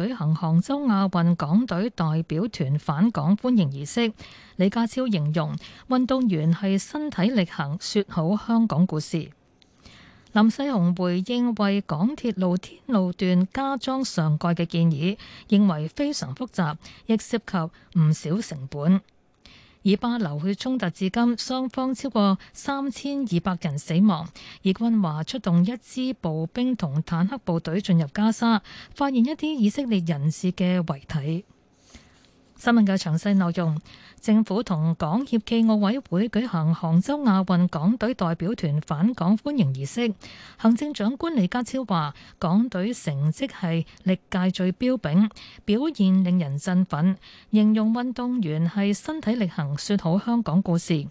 舉行杭州亞運港隊代表團返港歡迎儀式，李家超形容運動員係身體力行，說好香港故事。林世雄回應為港鐵露天路段加裝上蓋嘅建議，認為非常複雜，亦涉及唔少成本。以巴流血衝突至今，雙方超過三千二百人死亡。以軍話出動一支步兵同坦克部隊進入加沙，發現一啲以色列人士嘅遺體。新聞嘅詳細內容。政府同港協暨奧委會舉行杭州亞運港隊代表團返港歡迎儀式，行政長官李家超話：港隊成績係歷屆最標炳，表現令人振奮，形容運動員係身體力行説好香港故事。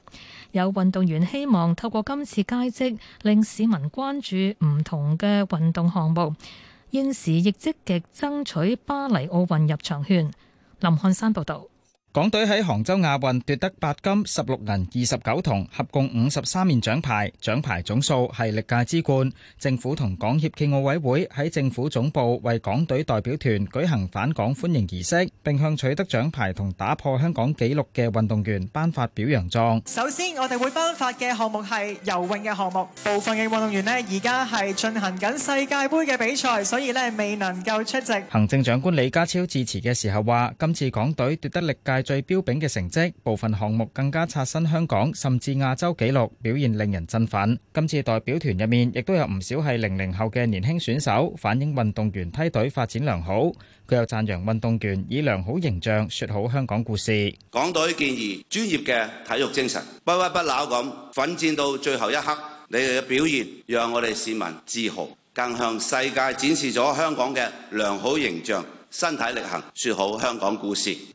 有運動員希望透過今次佳績，令市民關注唔同嘅運動項目，現時亦積極爭取巴黎奧運入場券。林漢山報導。港隊喺杭州亞運奪得八金十六銀二十九銅，合共五十三面獎牌，獎牌總數係歷屆之冠。政府同港協暨奧委會喺政府總部為港隊代表團舉行返港歡迎儀式，並向取得獎牌同打破香港紀錄嘅運動員頒發表揚狀。首先，我哋會頒發嘅項目係游泳嘅項目，部分嘅運動員呢，而家係進行緊世界盃嘅比賽，所以呢未能夠出席。行政長官李家超致辭嘅時候話，今次港隊奪得歷屆。最標炳嘅成績，部分項目更加刷新香港甚至亞洲紀錄，表現令人振奮。今次代表團入面亦都有唔少係零零後嘅年輕選手，反映運動員梯隊發展良好。佢又讚揚運動員以良好形象說好香港故事。港隊健兒專業嘅體育精神，不屈不撓咁奮戰到最後一刻，你哋嘅表現讓我哋市民自豪，更向世界展示咗香港嘅良好形象，身體力行說好香港故事。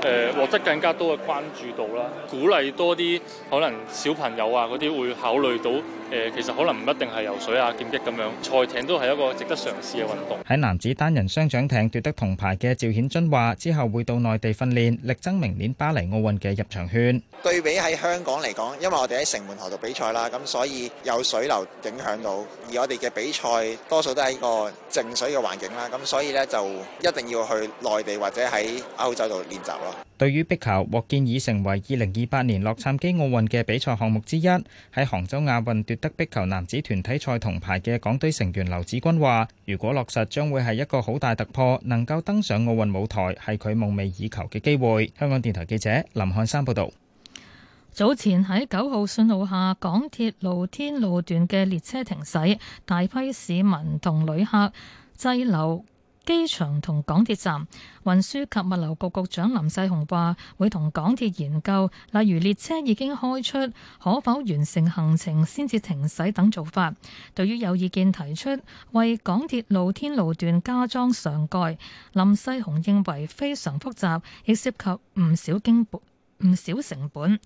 誒、呃、獲得更加多嘅關注度啦，鼓勵多啲，可能小朋友啊嗰啲會考慮到。誒，其實可能唔一定係游水啊、劍擊咁樣，賽艇都係一個值得嘗試嘅運動。喺男子單人雙槳艇奪得銅牌嘅趙顯津話，之後會到內地訓練，力爭明年巴黎奧運嘅入場券。對比喺香港嚟講，因為我哋喺城門河度比賽啦，咁所以有水流影響到，而我哋嘅比賽多數都喺個靜水嘅環境啦，咁所以咧就一定要去內地或者喺歐洲度練習咯。對於壁球獲建議成為二零二八年洛杉磯奧運嘅比賽項目之一，喺杭州亞運奪得壁球男子團體賽銅牌嘅港隊成員劉子君話，如果落實，將會係一個好大突破，能夠登上奧運舞台係佢夢寐以求嘅機會。香港電台記者林漢山報導。早前喺九號信號下，港鐵露天路段嘅列車停駛，大批市民同旅客滯留。機場同港鐵站。運輸及物流局局長林世雄話，會同港鐵研究，例如列車已經開出，可否完成行程先至停駛等做法。對於有意見提出為港鐵露天路段加裝上蓋，林世雄認為非常複雜，亦涉及唔少經唔少成本。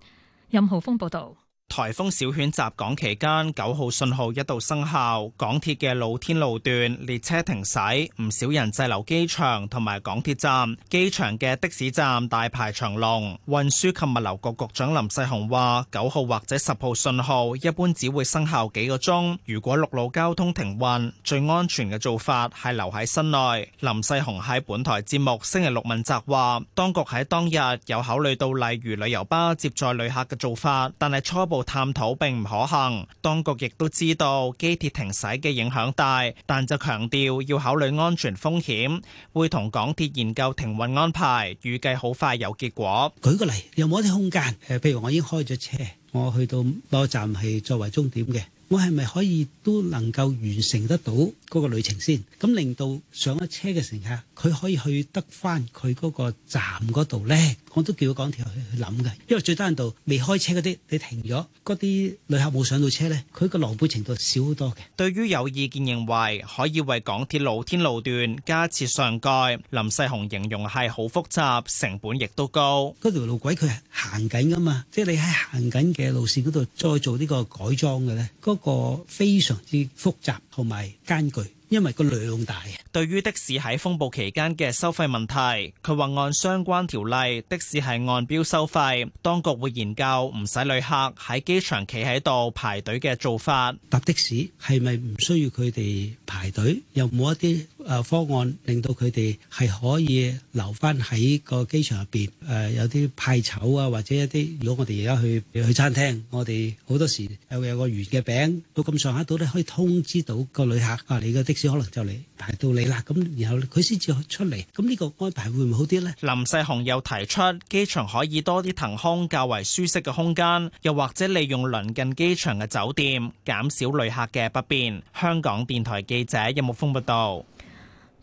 任浩峰報道。颱風小犬襲港期間，九號信號一度生效，港鐵嘅露天路段列車停駛，唔少人滯留機場同埋港鐵站。機場嘅的，的士站大排長龍。運輸及物流局局長林世雄話：九號或者十號信號一般只會生效幾個鐘。如果陸路交通停運，最安全嘅做法係留喺室內。林世雄喺本台節目星期六問責話：當局喺當日有考慮到例如旅遊巴接載旅客嘅做法，但係初步。探討並唔可行，當局亦都知道機鐵停駛嘅影響大，但就強調要考慮安全風險，會同港鐵研究停運安排，預計好快有結果。舉個例，有冇一啲空間？誒、呃，譬如我已經開咗車，我去到某站係作為終點嘅。我係咪可以都能夠完成得到嗰個旅程先？咁令到上咗車嘅乘客，佢可以去得翻佢嗰個站嗰度呢？我都叫港鐵去諗嘅，因為最低限度未開車嗰啲，你停咗嗰啲旅客冇上到車呢，佢個狼狽程度少好多嘅。對於有意見認為可以為港鐵露天路段加設上蓋，林世雄形容係好複雜，成本亦都高。嗰條路軌佢係行緊噶嘛？即係你喺行緊嘅路線嗰度再做呢個改裝嘅呢？嗰個個非常之複雜同埋艱巨。因為個量大。對於的士喺風暴期間嘅收費問題，佢話按相關條例，的士係按標收費，當局會研究唔使旅客喺機場企喺度排隊嘅做法。搭的士係咪唔需要佢哋排隊？有冇一啲誒，方案令到佢哋係可以留翻喺個機場入邊？誒，有啲派籌啊，或者一啲如果我哋而家去去餐廳，我哋好多時有有個圓嘅餅到咁上下度咧，可以通知到個旅客啊，你個的、的。只可能就嚟，排到你啦，咁然後佢先至出嚟。咁呢個安排會唔會好啲呢？林世雄又提出，機場可以多啲騰空較為舒適嘅空間，又或者利用鄰近機場嘅酒店，減少旅客嘅不便。香港電台記者任木峰報導。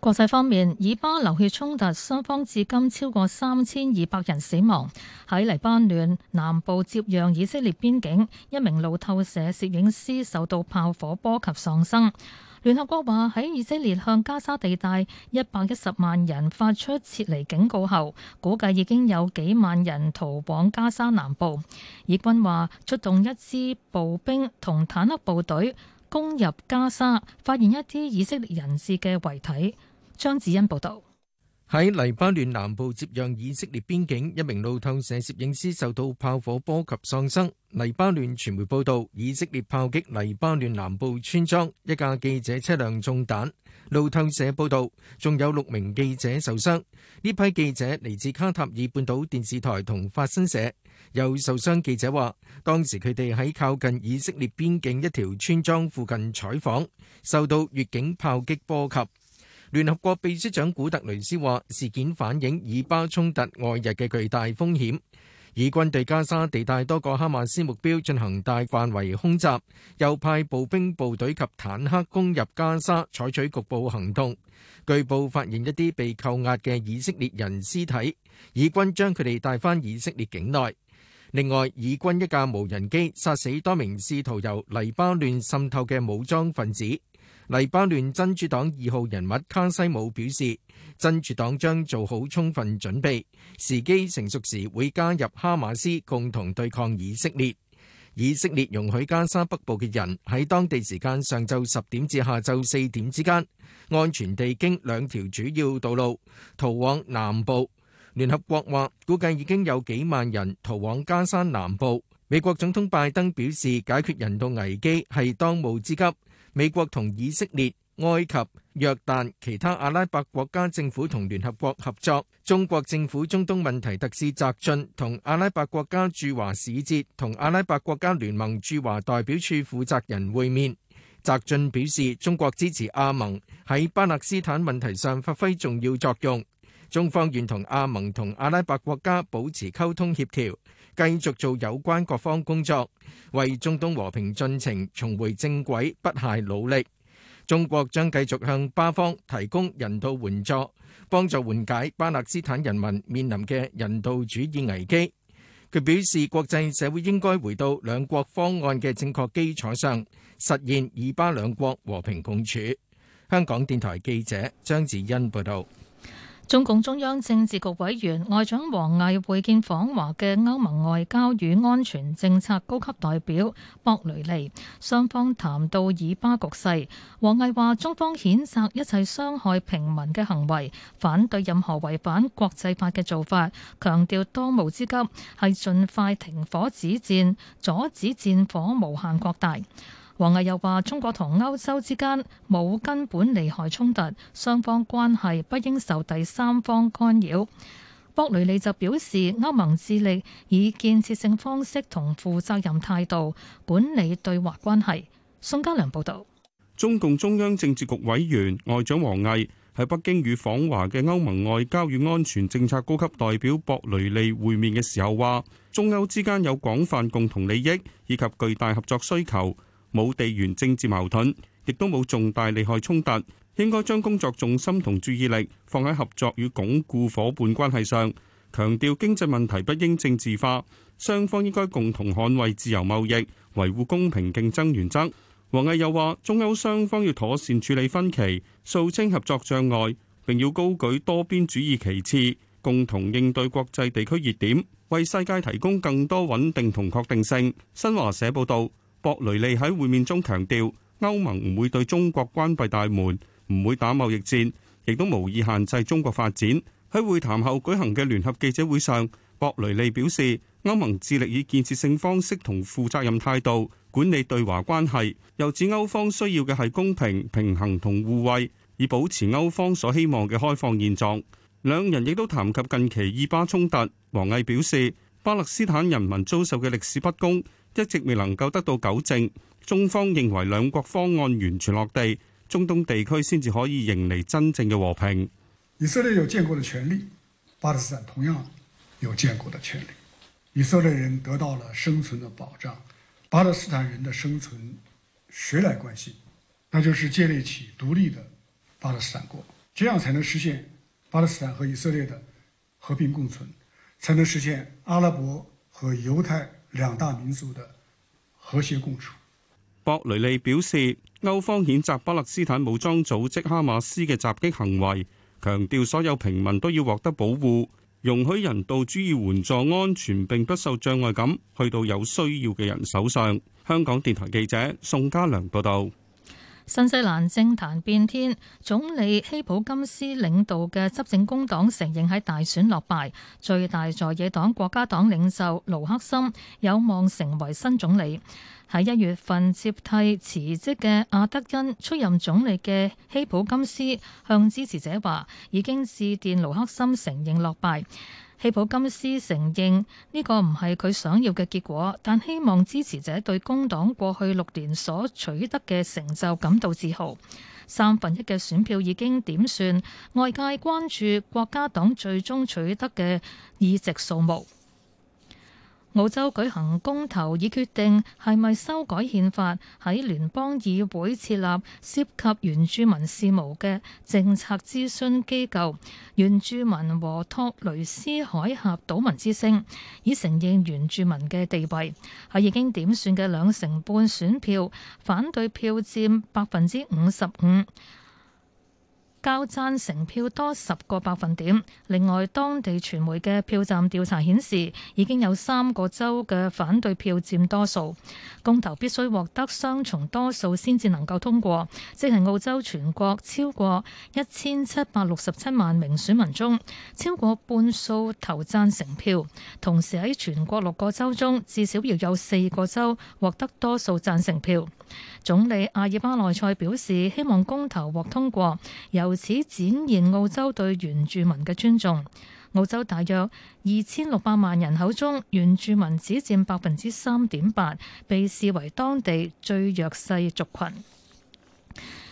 國際方面，以巴流血衝突雙方至今超過三千二百人死亡。喺黎巴嫩南部接壤以色列邊境，一名路透社攝影師受到炮火波及喪生。聯合國話喺以色列向加沙地帶一百一十萬人發出撤離警告後，估計已經有幾萬人逃往加沙南部。以軍話出動一支步兵同坦克部隊攻入加沙，發現一啲以色列人士嘅遺體。張子欣報道。喺黎巴嫩南部接壤以色列邊境，一名路透社攝影師受到炮火波及喪生。黎巴嫩傳媒報道，以色列炮擊黎巴嫩南部村莊，一架記者車輛中彈。路透社報道，仲有六名記者受傷。呢批記者嚟自卡塔爾半島電視台同法新社。有受傷記者話，當時佢哋喺靠近以色列邊境一條村莊附近採訪，受到越境炮擊波及。聯合國秘書長古特雷斯話：事件反映以巴衝突外日嘅巨大風險。以軍對加沙地帶多個哈馬斯目標進行大範圍空襲，又派步兵部隊及坦克攻入加沙，採取局部行動。據報發現一啲被扣押嘅以色列人屍體，以軍將佢哋帶返以色列境內。另外，以軍一架無人機殺死多名試圖由黎巴嫩滲透嘅武裝分子。黎巴嫩真主黨二號人物卡西姆表示，真主黨將做好充分準備，時機成熟時會加入哈馬斯共同對抗以色列。以色列容許加沙北部嘅人喺當地時間上晝十點至下晝四點之間，安全地經兩條主要道路逃往南部。聯合國話，估計已經有幾萬人逃往加沙南部。美國總統拜登表示，解決人道危機，係當務之急。美國同以色列、埃及、約旦及其他阿拉伯國家政府同聯合國合作。中國政府中東問題特使翟俊同阿拉伯國家駐華使節同阿拉伯國家聯盟駐華代表處負責人會面。翟俊表示，中國支持阿盟喺巴勒斯坦問題上發揮重要作用，中方願同阿盟同阿拉伯國家保持溝通協調。繼續做有關各方工作，為中東和平進程重回正軌不懈努力。中國將繼續向巴方提供人道援助，幫助緩解巴勒斯坦人民面臨嘅人道主義危機。佢表示，國際社會應該回到兩國方案嘅正確基礎上，實現以巴兩國和平共處。香港電台記者張子欣報道。中共中央政治局委員、外長王毅會見訪華嘅歐盟外交與安全政策高級代表博雷利，雙方談到以巴局勢。王毅話：中方譴責一切傷害平民嘅行為，反對任何違反國際法嘅做法，強調當務之急係盡快停火止戰，阻止戰火無限擴大。王毅又話：中國同歐洲之間冇根本利害衝突，雙方關係不應受第三方干擾。博雷利就表示，歐盟致力以建設性方式同負責任態度管理對華關係。宋嘉良報導。中共中央政治局委員、外長王毅喺北京與訪華嘅歐盟外交與安全政策高級代表博雷利會面嘅時候話：中歐之間有廣泛共同利益以及巨大合作需求。冇地緣政治矛盾，亦都冇重大利害衝突，應該將工作重心同注意力放喺合作與鞏固夥伴關係上，強調經濟問題不應政治化，雙方應該共同捍衛自由貿易、維護公平競爭原則。王毅又話：中歐雙方要妥善處理分歧，掃清合作障礙，並要高舉多邊主義旗幟，共同應對國際地區熱點，為世界提供更多穩定同確定性。新華社報道。博雷利喺會面中強調，歐盟唔會對中國關閉大門，唔會打貿易戰，亦都無意限制中國發展。喺會談後舉行嘅聯合記者會上，博雷利表示，歐盟致力以建設性方式同負責任態度管理對華關係，又指歐方需要嘅係公平、平衡同互惠，以保持歐方所希望嘅開放現狀。兩人亦都談及近期以巴衝突，王毅表示，巴勒斯坦人民遭受嘅歷史不公，一直未能夠得到糾正，中方認為兩國方案完全落地，中東地區先至可以迎嚟真正嘅和平。以色列有建國的權利，巴勒斯坦同樣有建國的權利。以色列人得到了生存的保障，巴勒斯坦人的生存誰來關心？那就是建立起獨立的巴勒斯坦國，這樣才能實現巴勒斯坦和以色列的和平共存，才能實現阿拉伯和猶太兩大民族的和諧共處。博雷利表示，歐方譴責巴勒斯坦武裝組織哈馬斯嘅襲擊行為，強調所有平民都要獲得保護，容許人道主義援助安全並不受障礙咁去到有需要嘅人手上。香港電台記者宋家良報道。新西蘭政壇變天，總理希普金斯領導嘅執政工黨承認喺大選落敗，最大在野黨國家黨領袖盧克森有望成為新總理。喺一月份接替辭職嘅阿德恩出任總理嘅希普金斯向支持者話，已經致電盧克森承認落敗。希普金斯承認，呢個唔係佢想要嘅結果，但希望支持者對工黨過去六年所取得嘅成就感到自豪。三分一嘅選票已經點算，外界關注國家黨最終取得嘅議席數目。澳洲舉行公投，以決定係咪修改憲法，喺聯邦議會設立涉及原住民事務嘅政策諮詢機構。原住民和托雷斯海峽島民之聲以承認原住民嘅地位。喺已經點算嘅兩成半選票，反對票佔百分之五十五。交贊成票多十個百分點。另外，當地傳媒嘅票站調查顯示，已經有三個州嘅反對票佔多數。公投必須獲得雙重多數先至能夠通過，即係澳洲全國超過一千七百六十七萬名選民中，超過半數投贊成票。同時喺全國六個州中，至少要有四個州獲得多數贊成票。總理阿爾巴內塞表示，希望公投獲通過。有由此展現澳洲對原住民嘅尊重。澳洲大約二千六百萬人口中，原住民只佔百分之三點八，被視為當地最弱勢族群。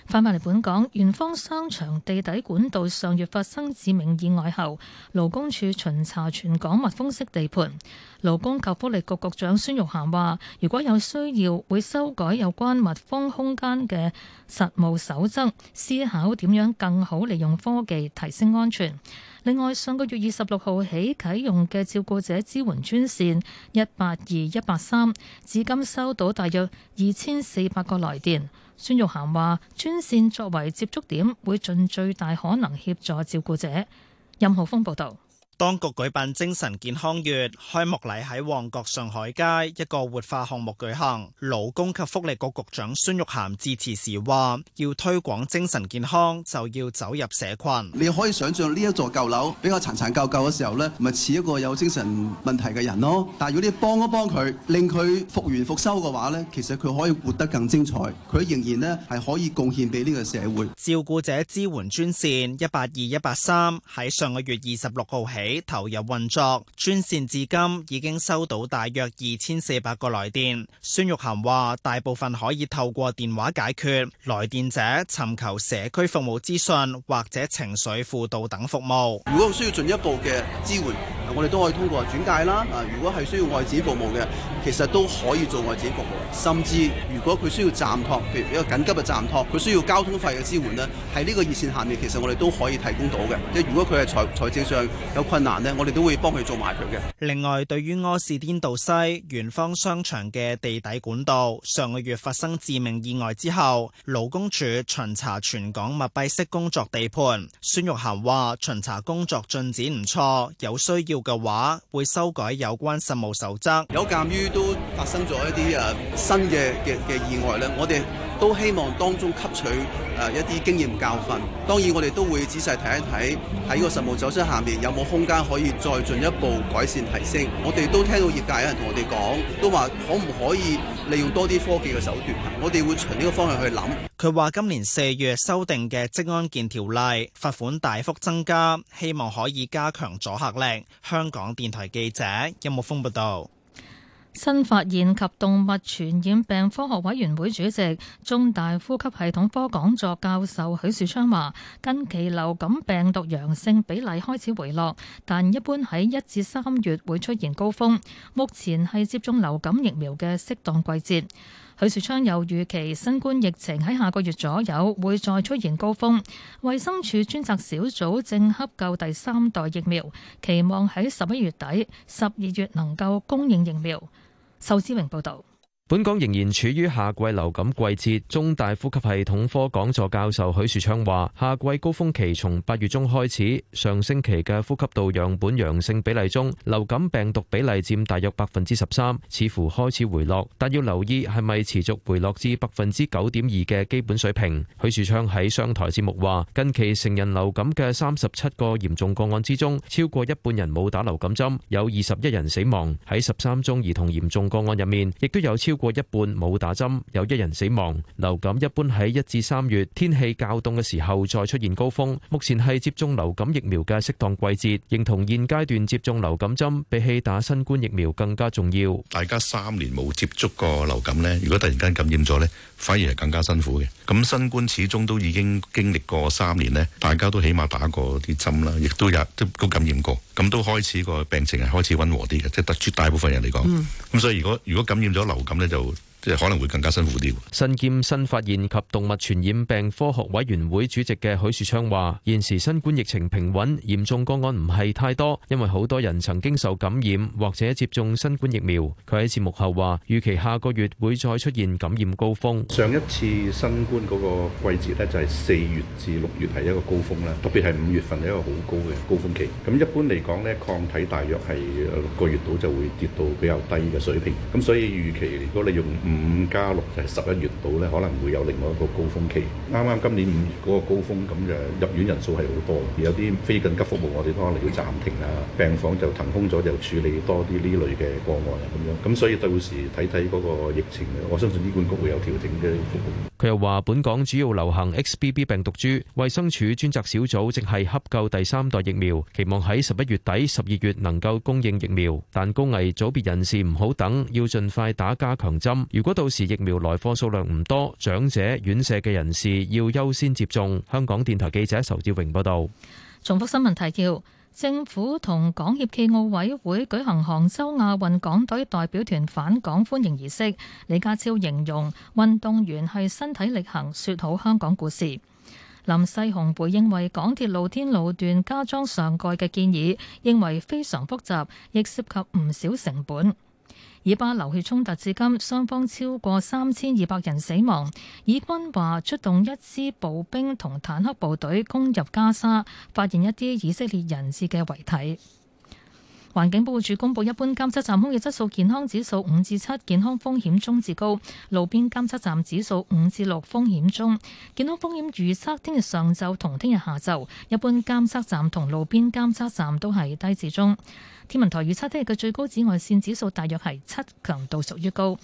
翻返嚟本港，圓方商場地底管道上月發生致命意外後，勞工處巡查全港密封式地盤。勞工及福利局局長孫玉菡話：如果有需要，會修改有關密封空間嘅實務守則，思考點樣更好利用科技提升安全。另外，上個月二十六號起啟用嘅照顧者支援專線一八二一八三，3, 至今收到大約二千四百個來電。孫玉菡話：專線作為接觸點，會盡最大可能協助照顧者。任浩峰報導。當局舉辦精神健康月開幕禮喺旺角上海街一個活化項目舉行，勞工及福利局局長孫玉菡致辭時話：要推廣精神健康就要走入社群。你可以想象呢一座舊樓比較殘殘舊舊嘅時候呢，咪似一個有精神問題嘅人咯。但係如果你幫一幫佢，令佢復原復修嘅話呢，其實佢可以活得更精彩，佢仍然呢係可以貢獻俾呢個社會。照顧者支援專線一八二一八三喺上個月二十六號起。投入運作專線至今已經收到大約二千四百個來電。孫玉涵話，大部分可以透過電話解決，來電者尋求社區服務資訊或者情緒輔導等服務。如果需要進一步嘅支援，我哋都可以通過轉介啦。啊，如果係需要外展服務嘅，其實都可以做外展服務。甚至如果佢需要暫託，譬如比較緊急嘅暫託，佢需要交通費嘅支援呢，喺呢個熱線下面，其實我哋都可以提供到嘅。即係如果佢係財財政上有困難呢，我哋都會幫佢做埋佢嘅。另外，對於柯士甸道西圓方商場嘅地底管道，上個月發生致命意外之後，勞工處巡查全港密閉式工作地盤，孫玉涵話，巡查工作進展唔錯，有需要嘅話會修改有關實務守則，有鑒於都發生咗一啲誒新嘅嘅嘅意外咧，我哋都希望當中吸取誒一啲經驗教訓，當然，我哋都會仔細睇一睇喺個實務守則下面有冇空間可以再進一步改善提升。我哋都聽到業界有人同我哋講都話可唔可以？利用多啲科技嘅手段，我哋會從呢個方向去諗。佢話今年四月修訂嘅職安健條例罰款大幅增加，希望可以加強阻嚇力。香港電台記者任樂峯報道。新發現及動物傳染病科學委員會主席、中大呼吸系統科講座教授許樹昌話，近期流感病毒陽性比例開始回落，但一般喺一至三月會出現高峰。目前係接種流感疫苗嘅適當季節。許樹昌又預期新冠疫情喺下個月左右會再出現高峰。衛生署專責小組正洽購第三代疫苗，期望喺十一月底、十二月能夠供應疫苗。仇志榮報道。本港仍然處於夏季流感季節，中大呼吸系統科講座教授許樹昌話：夏季高峰期從八月中開始，上星期嘅呼吸道樣本陽性比例中，流感病毒比例佔大約百分之十三，似乎開始回落，但要留意係咪持續回落至百分之九點二嘅基本水平。許樹昌喺商台節目話：近期成人流感嘅三十七個嚴重個案之中，超過一半人冇打流感針，有二十一人死亡。喺十三宗兒童嚴重個案入面，亦都有超。過一半冇打針，有一人死亡。流感一般喺一至三月天氣較凍嘅時候再出現高峰。目前係接種流感疫苗嘅適當季節。認同現階段接種流感針比起打新冠疫苗更加重要。大家三年冇接觸過流感呢，如果突然間感染咗呢，反而係更加辛苦嘅。咁新冠始終都已經經歷過三年呢，大家都起碼打過啲針啦，亦都有都都感染過。咁都開始個病情係開始溫和啲嘅，即係絕大部分人嚟講。咁、嗯、所以如果，如果感染咗流感呢，就。即係可能會更加辛苦啲。新劍新發現及動物傳染病科學委員會主席嘅許樹昌話：現時新冠疫情平穩，嚴重個案唔係太多，因為好多人曾經受感染或者接種新冠疫苗。佢喺節目後話：預期下個月會再出現感染高峰。上一次新冠嗰個季節呢，就係四月至六月係一個高峰啦，特別係五月份係一個好高嘅高峰期。咁一般嚟講呢，抗體大約係六個月度就會跌到比較低嘅水平。咁所以預期如果你用五加六就係十一月度呢，可能會有另外一個高峰期。啱啱今年五月嗰個高峰，咁就入院人數係好多，而有啲非緊急服務我哋都可能要暫停啊，病房就騰空咗，就處理多啲呢類嘅個案啊咁樣。咁所以到時睇睇嗰個疫情，我相信醫管局會有調整嘅服務。佢又話：本港主要流行 XBB 病毒株，衛生署專責小組淨係洽購第三代疫苗，期望喺十一月底、十二月能夠供應疫苗。但高危組別人士唔好等，要盡快打加強針。如果到時疫苗來貨數量唔多，長者、院舍嘅人士要優先接種。香港電台記者仇志榮報道。重複新聞提要：政府同港協暨奧委會會舉行杭州亞運港隊代表團返港歡迎儀式。李家超形容運動員係身體力行，説好香港故事。林世雄回應為港鐵露天路段加裝上蓋嘅建議，認為非常複雜，亦涉及唔少成本。以巴流血衝突至今，雙方超過三千二百人死亡。以軍話出動一支步兵同坦克部隊攻入加沙，發現一啲以色列人質嘅遺體。環境保護署公布一般監測站空氣質素健康指數五至七，健康風險中至高；路邊監測站指數五至六，風險中。健康風險預測：聽日上晝同聽日下晝，一般監測站同路邊監測站都係低至中。天文台預測聽日嘅最高紫外線指數大約係七，強度屬於高。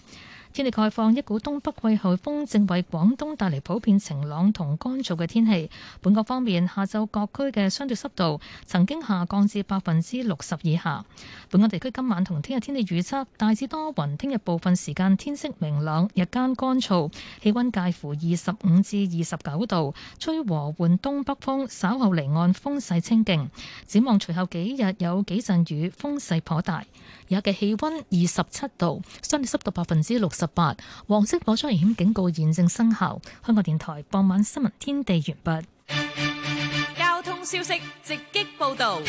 天氣概況，一股東北季候風正為廣東帶嚟普遍晴朗同乾燥嘅天氣。本港方面，下晝各區嘅相對濕度曾經下降至百分之六十以下。本港地區今晚同聽日天氣預測大致多雲，聽日部分時間天色明朗，日間乾燥，氣温介乎二十五至二十九度，吹和緩東北風，稍後離岸風勢清勁。展望隨後幾日有幾陣雨，風勢頗大。而家嘅氣温二十七度，相對濕度百分之六十八，黃色火災危險警告現正生效。香港電台傍晚新聞天地完畢。交通消息直擊報導。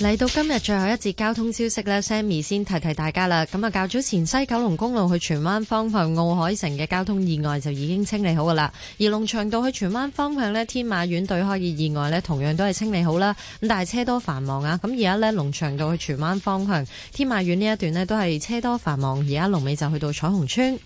嚟到今日最後一節交通消息咧，Sammy 先提提大家啦。咁啊，較早前西九龍公路去荃灣方向奧海城嘅交通意外就已經清理好噶啦。而龍翔道去荃灣方向呢，天馬苑對開嘅意外呢同樣都係清理好啦。咁但係車多繁忙啊。咁而家呢，龍翔道去荃灣方向天馬苑呢一段呢都係車多繁忙。而家龍尾就去到彩虹村。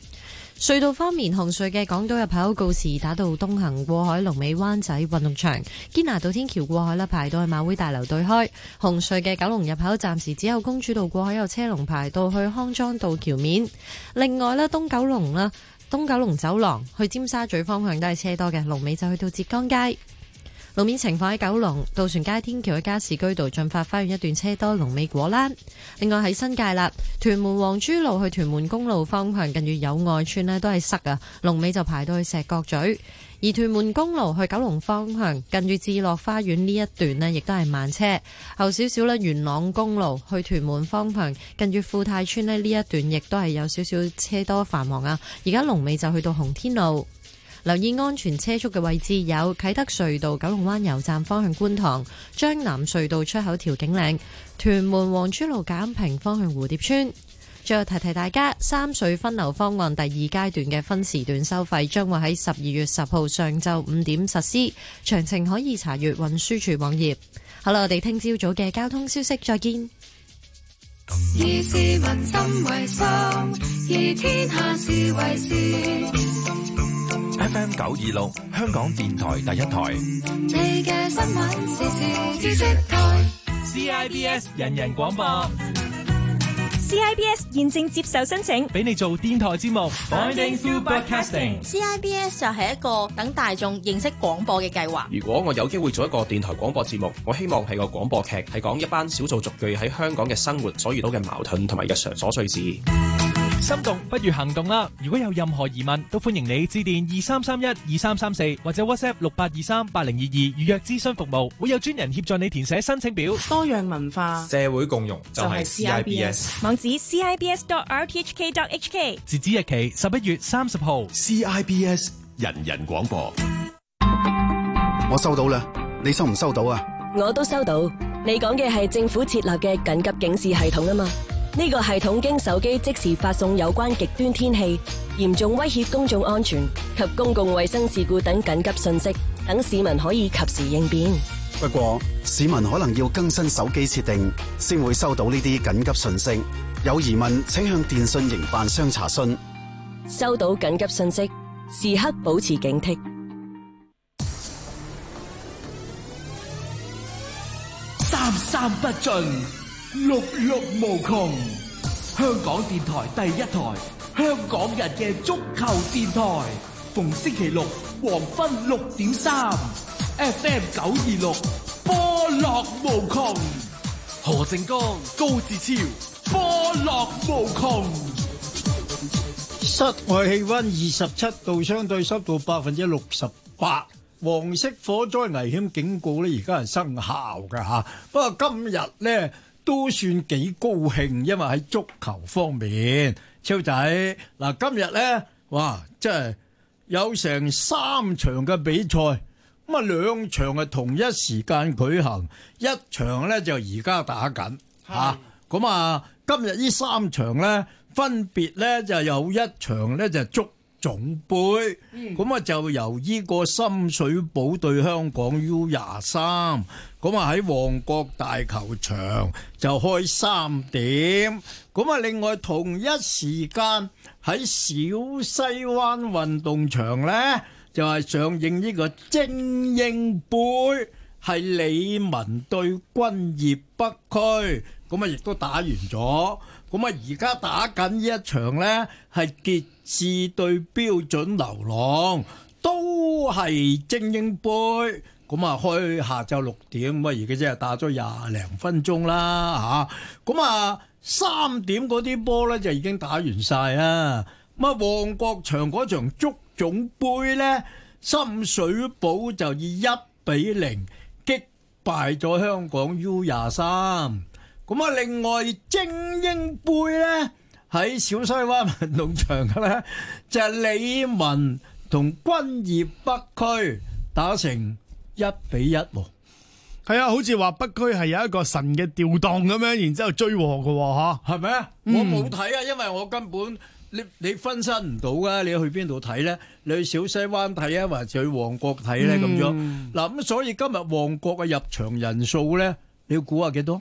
隧道方面，紅隧嘅港島入口告示打到東行過海龍尾灣仔運動場，堅拿道天橋過海啦，排到去馬會大樓對開。紅隧嘅九龍入口暫時只有公主道過海有車龍排到去康莊道橋面。另外咧，東九龍啦，東九龍走廊去尖沙咀方向都係車多嘅，龍尾就去到浙江街。路面情況喺九龍渡船街天橋去加士居道駿發花園一段車多，龍尾果欄。另外喺新界啦，屯門皇珠路去屯門公路方向近住友愛村呢都係塞啊，龍尾就排到去石角咀。而屯門公路去九龍方向近住智樂花園呢一段呢亦都係慢車。後少少呢，元朗公路去屯門方向近住富泰村咧呢一段亦都係有少少車多繁忙啊。而家龍尾就去到紅天路。留意安全車速嘅位置有啟德隧道九龍灣油站方向觀塘、張南隧道出口、調景嶺、屯門黃村路簡平方向蝴蝶村。最後提提大家，三隧分流方案第二階段嘅分時段收費將會喺十二月十號上晝五點實施，詳情可以查閱運輸署網頁。好啦，我哋聽朝早嘅交通消息，再見。以市民心為 M 九二六香港電台第一台，你嘅新聞時事知識台，CIBS 人人廣播，CIBS 現正接受申請，俾你做電台節目，Binding through broadcasting，CIBS 就係一個等大眾認識廣播嘅計劃。如果我有機會做一個電台廣播節目，我希望係個廣播劇，係講一班少數族裔喺香港嘅生活所遇到嘅矛盾同埋日常瑣碎事。心動不如行動啦！如果有任何疑問，都歡迎你致電二三三一二三三四或者 WhatsApp 六八二三八零二二預約諮詢服務，會有專人協助你填寫申請表。多樣文化、社會共融就係 CIBS。網址 CIBS.RTHK.HK。截止日期十一月三十號。CIBS 人人廣播。我收到啦，你收唔收到啊？我都收到。你講嘅係政府設立嘅緊急警示系統啊嘛。呢個系統經手機即時發送有關極端天氣、嚴重威脅公眾安全及公共衛生事故等緊急信息，等市民可以及時應變。不過，市民可能要更新手機設定，先會收到呢啲緊急訊息。有疑問，請向電信營辦商查詢。收到緊急信息，時刻保持警惕。三三不盡。樂樂無窮，香港電台第一台，香港人嘅足球電台，逢星期六黃昏六點三，FM 九二六，波樂無窮，何靜江、高志超，波樂無窮。室外氣温二十七度，相對濕度百分之六十八，黃色火災危險警告咧，而家係生效嘅吓。不過今日咧。都算幾高興，因為喺足球方面，超仔嗱，今日呢，哇，即係有成三場嘅比賽，咁啊兩場係同一時間舉行，一場呢就而家打緊嚇。咁是啊，今日呢三場呢分別呢，就有一場呢就足。總杯咁啊，就由呢個深水埗對香港 U 廿三，咁啊喺旺角大球場就開三點，咁啊另外同一時間喺小西灣運動場呢，就係上映呢個精英杯，係李文對軍業北區，咁啊亦都打完咗。咁啊，而家打緊一場咧，係傑志對標準流浪，都係精英杯。咁啊，開去下晝六點，咁啊，而家真係打咗廿零分鐘啦嚇。咁啊，三點嗰啲波呢，就已經打完晒啦。咁啊，旺角場嗰場足總杯呢，深水埗就以一比零擊敗咗香港 U 廿三。咁啊！另外精英杯咧，喺小西灣運動場嘅咧，就係李文同軍業北區打成一比一喎。係啊，好似話北區係有一個神嘅吊檔咁樣，然之後追和嘅吓，係咪啊？我冇睇啊，因為我根本你你分身唔到噶，你去邊度睇咧？你去小西灣睇啊，或者去旺角睇咧咁樣。嗱咁，所以今日旺角嘅入場人數咧，你要估下幾多？